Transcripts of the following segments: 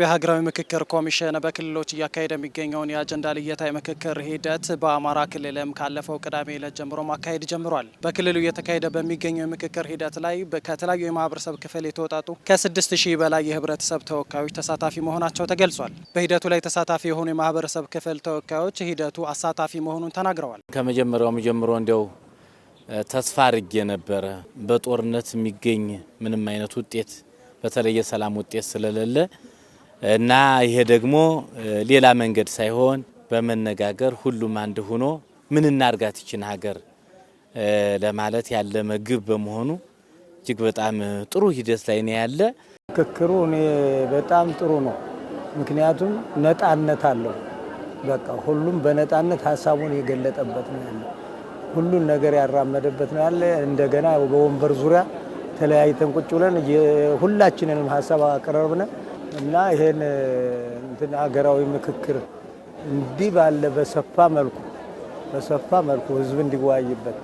በሀገራዊ ምክክር ኮሚሽን በክልሎች እያካሄደ የሚገኘውን የአጀንዳ ልየታ የምክክር ሂደት በአማራ ክልልም ካለፈው ቅዳሜ ዕለት ጀምሮ ማካሄድ ጀምሯል። በክልሉ እየተካሄደ በሚገኘው የምክክር ሂደት ላይ ከተለያዩ የማህበረሰብ ክፍል የተወጣጡ ከስድስት ሺህ በላይ የህብረተሰብ ተወካዮች ተሳታፊ መሆናቸው ተገልጿል። በሂደቱ ላይ ተሳታፊ የሆኑ የማህበረሰብ ክፍል ተወካዮች ሂደቱ አሳታፊ መሆኑን ተናግረዋል። ከመጀመሪያውም ጀምሮ እንዲያው ተስፋ አድርጌ ነበረ በጦርነት የሚገኝ ምንም አይነት ውጤት በተለየ ሰላም ውጤት ስለሌለ እና ይሄ ደግሞ ሌላ መንገድ ሳይሆን በመነጋገር ሁሉም አንድ ሆኖ ምን እናርጋት ይችን ሀገር ለማለት ያለ ምግብ በመሆኑ እጅግ በጣም ጥሩ ሂደት ላይ ነው ያለ። ምክክሩ እኔ በጣም ጥሩ ነው። ምክንያቱም ነጣነት አለው። በቃ ሁሉም በነጣነት ሀሳቡን የገለጠበት ነው ያለ። ሁሉን ነገር ያራመደበት ነው ያለ። እንደገና በወንበር ዙሪያ ተለያይተን ቁጭ ብለን ሁላችንንም ሀሳብ አቀረብነ። እና ይሄን እንትን ሀገራዊ ምክክር እንዲህ ባለ በሰፋ መልኩ በሰፋ መልኩ ህዝብ እንዲወያይበት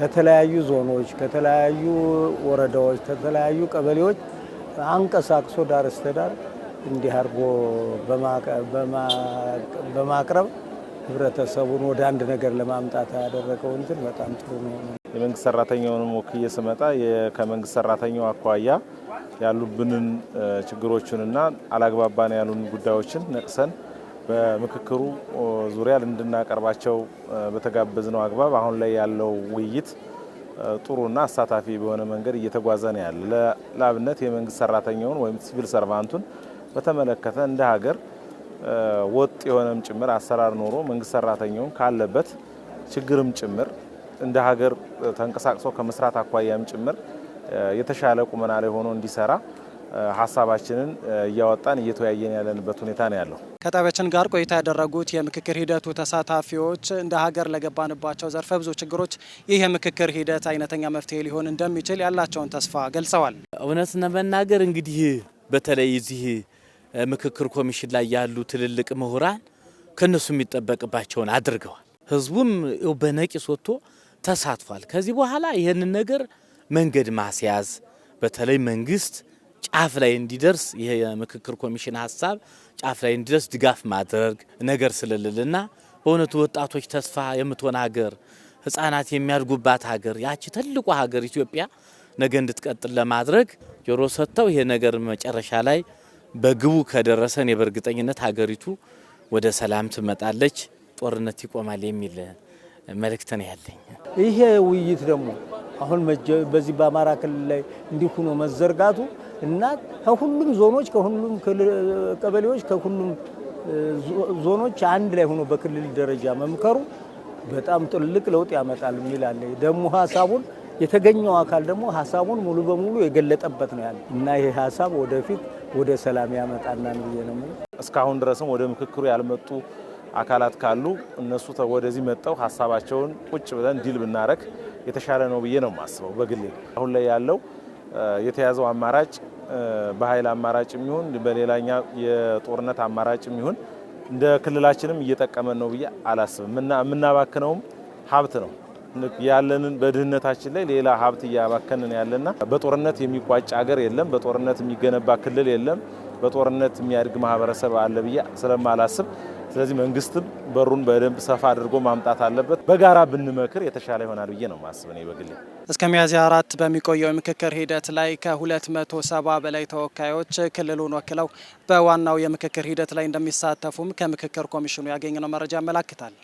ከተለያዩ ዞኖች፣ ከተለያዩ ወረዳዎች፣ ከተለያዩ ቀበሌዎች አንቀሳቅሶ ዳር እስተዳር እንዲህ አድርጎ በማቅረብ ህብረተሰቡን ወደ አንድ ነገር ለማምጣት ያደረገው እንትን በጣም ጥሩ ነው። የመንግስት ሰራተኛውንም ወክዬ ስመጣ ከመንግስት ሰራተኛው አኳያ ያሉብንን ችግሮችንና አላግባባን ያሉን ጉዳዮችን ነቅሰን በምክክሩ ዙሪያ እንድናቀርባቸው በተጋበዝነው አግባብ አሁን ላይ ያለው ውይይት ጥሩና አሳታፊ በሆነ መንገድ እየተጓዘ ነው ያለ። ለአብነት የመንግስት ሰራተኛውን ወይም ሲቪል ሰርቫንቱን በተመለከተ እንደ ሀገር ወጥ የሆነም ጭምር አሰራር ኖሮ መንግስት ሰራተኛውን ካለበት ችግርም ጭምር እንደ ሀገር ተንቀሳቅሶ ከመስራት አኳያም ጭምር የተሻለ ቁመና ላይ ሆኖ እንዲሰራ ሀሳባችንን እያወጣን እየተወያየን ያለንበት ሁኔታ ነው ያለው። ከጣቢያችን ጋር ቆይታ ያደረጉት የምክክር ሂደቱ ተሳታፊዎች እንደ ሀገር ለገባንባቸው ዘርፈ ብዙ ችግሮች ይህ የምክክር ሂደት አይነተኛ መፍትሄ ሊሆን እንደሚችል ያላቸውን ተስፋ ገልጸዋል። እውነት ለመናገር እንግዲህ በተለይ እዚህ ምክክር ኮሚሽን ላይ ያሉ ትልልቅ ምሁራን ከእነሱ የሚጠበቅባቸውን አድርገዋል። ህዝቡም በነቂስ ወጥቶ ተሳትፏል። ከዚህ በኋላ ይህንን ነገር መንገድ ማስያዝ በተለይ መንግስት ጫፍ ላይ እንዲደርስ ይህ የምክክር ኮሚሽን ሀሳብ ጫፍ ላይ እንዲደርስ ድጋፍ ማድረግ ነገር ስልልልና በእውነቱ ወጣቶች ተስፋ የምትሆን ሀገር፣ ህጻናት የሚያድጉባት ሀገር፣ ያቺ ትልቁ ሀገር ኢትዮጵያ ነገ እንድትቀጥል ለማድረግ ጆሮ ሰጥተው ይሄ ነገር መጨረሻ ላይ በግቡ ከደረሰን በእርግጠኝነት ሀገሪቱ ወደ ሰላም ትመጣለች፣ ጦርነት ይቆማል የሚል መልእክት ነው ያለኝ። ይሄ ውይይት ደግሞ አሁን በዚህ በአማራ ክልል ላይ እንዲህ ሆኖ መዘርጋቱ እና ከሁሉም ዞኖች፣ ከሁሉም ቀበሌዎች፣ ከሁሉም ዞኖች አንድ ላይ ሆኖ በክልል ደረጃ መምከሩ በጣም ጥልቅ ለውጥ ያመጣል የሚል አለ። ደግሞ ሀሳቡን የተገኘው አካል ደግሞ ሀሳቡን ሙሉ በሙሉ የገለጠበት ነው ያለ እና ይሄ ሀሳብ ወደፊት ወደ ሰላም ያመጣናል ብዬ ነው። እስካሁን ድረስም ወደ ምክክሩ ያልመጡ አካላት ካሉ እነሱ ወደዚህ መጠው ሀሳባቸውን ቁጭ ብለን ዲል ብናረግ የተሻለ ነው ብዬ ነው የማስበው። በግሌ አሁን ላይ ያለው የተያዘው አማራጭ በኃይል አማራጭ የሚሆን በሌላኛ የጦርነት አማራጭ የሚሆን እንደ ክልላችንም እየጠቀመን ነው ብዬ አላስብም። የምናባክነውም ሀብት ነው ያለንን በድህነታችን ላይ ሌላ ሀብት እያባከንን ያለና በጦርነት የሚቋጭ ሀገር የለም፣ በጦርነት የሚገነባ ክልል የለም፣ በጦርነት የሚያድግ ማህበረሰብ አለ ብዬ ስለማላስብ ስለዚህ መንግስትም በሩን በደንብ ሰፋ አድርጎ ማምጣት አለበት። በጋራ ብንመክር የተሻለ ይሆናል ብዬ ነው ማስብ። ነው በግሌ እስከ ሚያዝያ አራት በሚቆየው የምክክር ሂደት ላይ ከ270 በላይ ተወካዮች ክልሉን ወክለው በዋናው የምክክር ሂደት ላይ እንደሚሳተፉም ከምክክር ኮሚሽኑ ያገኘነው መረጃ ያመላክታል።